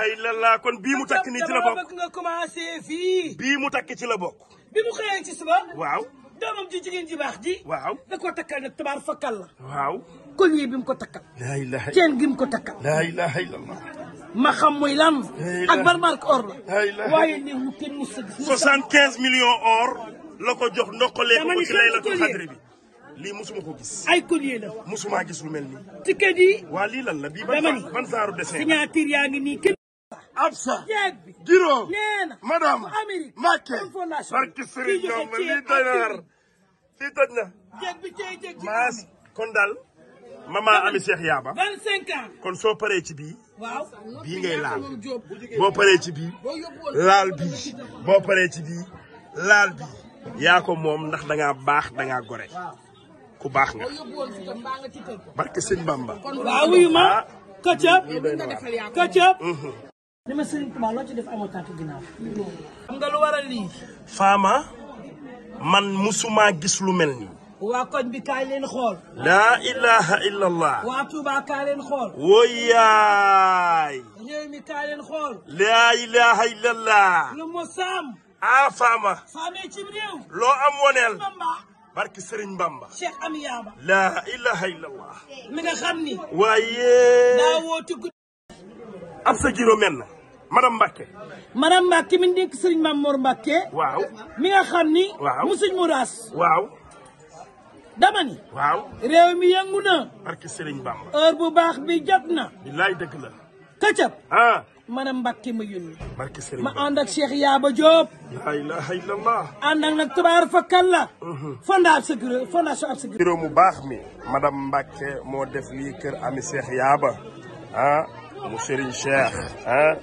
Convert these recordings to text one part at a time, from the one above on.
hay lalla kon bii mu takk nii ci la bokk bëgg nga commencé fii mu takk ci la bokk bi mu xëyee ci suba waaw doomam ji jigéen ji baax ji waaw da koo takkal nag tabaar bi mu ko takkal laa ilaha ceen ko takkal laa ilaha illallah ma xam mooy lan ak barmark or la waaye néew lu kenn a gis soixante quinze or la ko jox ndoxalee ko ci laylatul xadri bi lii musuma ko gis. ay la. musuma gis lu mel nii. ticket waa lii lan la ban. ban saaru dessin. signature yaa ngi Absa Giro madame Macké barki Serigne Diop lii doy na war lii toj na maas kon daal mama ami Cheikh Yaba kon soo paree ci bii bii ngay laal boo paree ci bii laal bii boo paree ci laal bii yaa ko moom ndax dangaa baax dangaa gore ku baax nga barke Sëñ Bamba. waaw wuyu ma ah. li ma sëriñ Tuubaa loo ci def amoo tànk ginnaaw. xam nga lu waral lii. Fama man musuma gis lu mel nii. waa koñ bi kaay leen xool. laa ilaha illallah. waa Touba kaay leen xool. wóoyaay. réew mi kaay leen xool. laa ilaha illallah. lu mu saam. ah Fama. Fama ci réew. loo am woneel. barki Serigne Bamba. Cheikh Ami Yaaba. laa ilaha illallah. mi nga xam ni. waaye. daa woote guddi. ab sa juróom mel na. madame Mbacke. madame Mbacke mi nekk Serigne Mame Mor Mbacke. mi nga xam ni. mu Serigne Mouraas. waaw. dama ni. mi yëngu na. barke bu baax bi jot na. billaay dëgg ah. ma yónni. barke Serigne Bamba ma ànd ak Cheikh Yaba Diop. la ilaha illallah. ànd ak fa kàlla. Mhm. fondation ab mu baax mi. madame Mbacke moo def lii kër ami Cheikh Yaba ah. mu Serigne Cheikh ah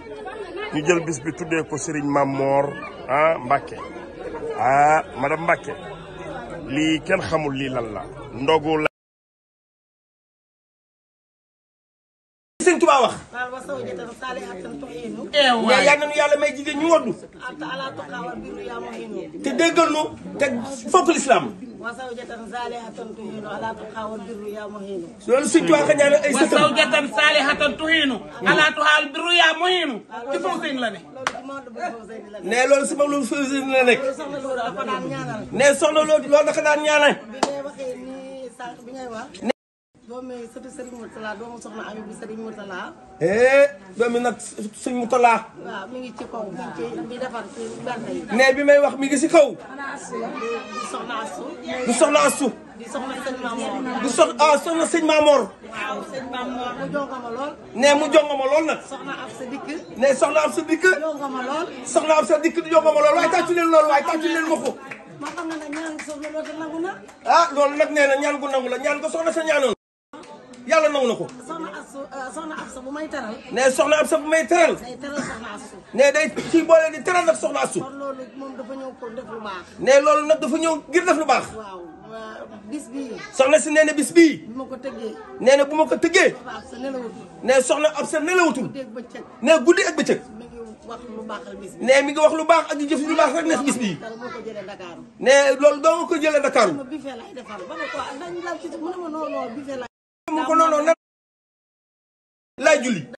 ñu jël bis bi tuddee ko Serigne Mamor ah Mbacke ah madame Mbacke lii kenn xamul lii lan la ndogu la. Eh, déggal nu te fokk lislaam wasawjatan salihatan tuhinu ala tuha wal birru ya muhinu loolu sëñ Tuubaa ñaan ay sëtam wasawjatan salihatan tuhinu ala tuha wal birru ya muhinu ah, ci faw sëñ la ne ne loolu si ma loolu faw sëñ la nekk ne soxna loolu loolu dafa daan ñaanal bi ngay wax mais sëtu Serigne Mourtala doomu soxna Ami bi Serigne Mourtala. Eh, doomi nag Serigne Mourtala. waaw mi ne bi may wax mi ngi si kaw. di soxna Assu. di soxna Assu. di soxna sëñ Mamor. di sox ah soxna sëñ Mamor. waaw sëñ Mamor mu jongama lool. ne mu jongama lool nag. soxna Absa dikk. ne soxna Absa dikk. jongama lool. soxna Absa dikk jongama lool waaye tàccu leen lool waaye tàccu leen ma ko. ma xam ne nag ñaan soxna na. ah loolu nag nee na ñaan gu nangu la ñaan ko soxna sa ñaanal. yàlla naw na ko. soxna Absa euh, soxna Absa bu may teral. nee soxna Absa bu may teral. day teral soxna Asou. nee day ci boole di teral nag soxna dafa ñëw pour def lu baax. loolu nag dafa ñëw ngir def lu baax. waaw bis bii. soxna si nee na bis bii. bu ma ko tëggee. nee na bu ma ko tëggee. soxna Absa nelawutul. nee soxna Absa nelawatul. guddi ak bëccëg. nee guddi wax lu baax ak bis bi. nee ngi wax lu baax ak jëf lu baax rek ne bis bi. nee loolu doo nga ko jëlee Dakar. mu ko noonu laay